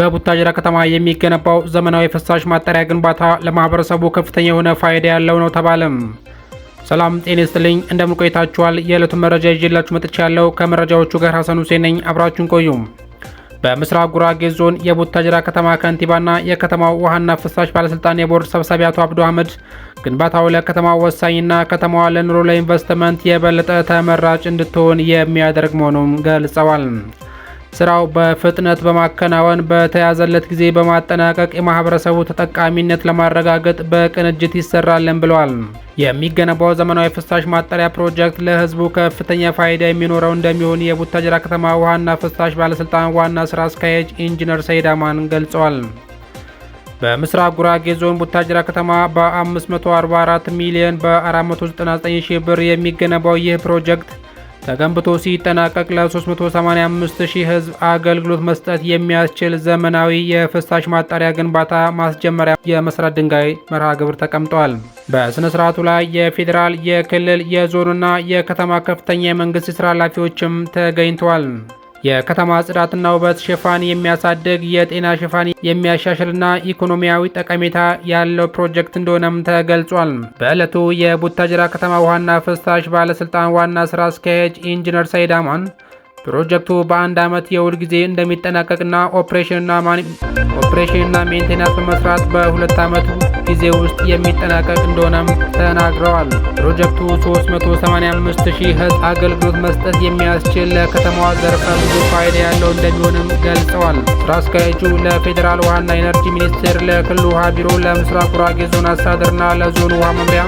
በቡታጅራ ከተማ የሚገነባው ዘመናዊ ፍሳሽ ማጣሪያ ግንባታ ለማህበረሰቡ ከፍተኛ የሆነ ፋይዳ ያለው ነው ተባለም። ሰላም ጤና ይስጥልኝ፣ እንደምን ቆይታችኋል? የዕለቱን መረጃ ይዤላችሁ መጥቻ ያለው ከመረጃዎቹ ጋር ሀሰን ሁሴን ነኝ። አብራችሁን ቆዩም በምስራቅ ጉራጌ ዞን የቡታጅራ ከተማ ከንቲባና የከተማው ውሃና ፍሳሽ ባለስልጣን የቦርድ ሰብሳቢ አቶ አብዱ አህመድ ግንባታው ለከተማው ወሳኝና ከተማዋ ለኑሮ ለኢንቨስትመንት የበለጠ ተመራጭ እንድትሆን የሚያደርግ መሆኑን ገልጸዋል። ስራው በፍጥነት በማከናወን በተያዘለት ጊዜ በማጠናቀቅ የማህበረሰቡ ተጠቃሚነት ለማረጋገጥ በቅንጅት ይሰራለን ብለዋል። የሚገነባው ዘመናዊ ፍሳሽ ማጣሪያ ፕሮጀክት ለህዝቡ ከፍተኛ ፋይዳ የሚኖረው እንደሚሆን የቡታጅራ ከተማ ውሃና ፍሳሽ ባለስልጣን ዋና ስራ አስኪያጅ ኢንጂነር ሰይድ አማን ገልጸዋል። በምስራቅ ጉራጌ ዞን ቡታጅራ ከተማ በ544 ሚሊዮን በ499 ሺህ ብር የሚገነባው ይህ ፕሮጀክት ተገንብቶ ሲጠናቀቅ ለ385 ሺህ ሕዝብ አገልግሎት መስጠት የሚያስችል ዘመናዊ የፍሳሽ ማጣሪያ ግንባታ ማስጀመሪያ የመሰረት ድንጋይ መርሃ ግብር ተቀምጧል። በሥነ ሥርዓቱ ላይ የፌዴራል፣ የክልል፣ የዞንና የከተማ ከፍተኛ የመንግስት ስራ ኃላፊዎችም ተገኝተዋል። የከተማ ጽዳትና ውበት ሽፋን የሚያሳድግ የጤና ሽፋን የሚያሻሽልና ኢኮኖሚያዊ ጠቀሜታ ያለው ፕሮጀክት እንደሆነም ተገልጿል። በዕለቱ የቡታጅራ ከተማ ውሃና ፍሳሽ ባለስልጣን ዋና ስራ አስኪያጅ ኢንጂነር ሰይድ አማን ፕሮጀክቱ በአንድ ዓመት የውል ጊዜ እንደሚጠናቀቅና ኦፕሬሽንና ኦፕሬሽንና ሜንቴናንስ በመስራት በሁለት ዓመት ። ጊዜ ውስጥ የሚጠናቀቅ እንደሆነም ተናግረዋል። ፕሮጀክቱ 385 ሺህ ህዝብ አገልግሎት መስጠት የሚያስችል ለከተማዋ ዘርፈ ብዙ ፋይዳ ያለው እንደሚሆንም ገልጸዋል። ስራ አስኪያጁ ለፌዴራል ውሃና ኢነርጂ ሚኒስቴር፣ ለክልል ውሃ ቢሮ፣ ለምስራቅ ጉራጌ ዞን አስተዳደርና ለዞኑ ውሃ መምሪያ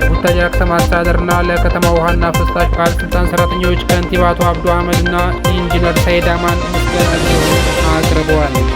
ለቡታጅራ ከተማ አስተዳደርና ለከተማ ውሃና ፍሳሽ ባለስልጣን ሰራተኞች ከንቲባቱ አብዱ አህመድና ኢንጂነር ሳይድ አማን ምስጋናቸውን አቅርበዋል።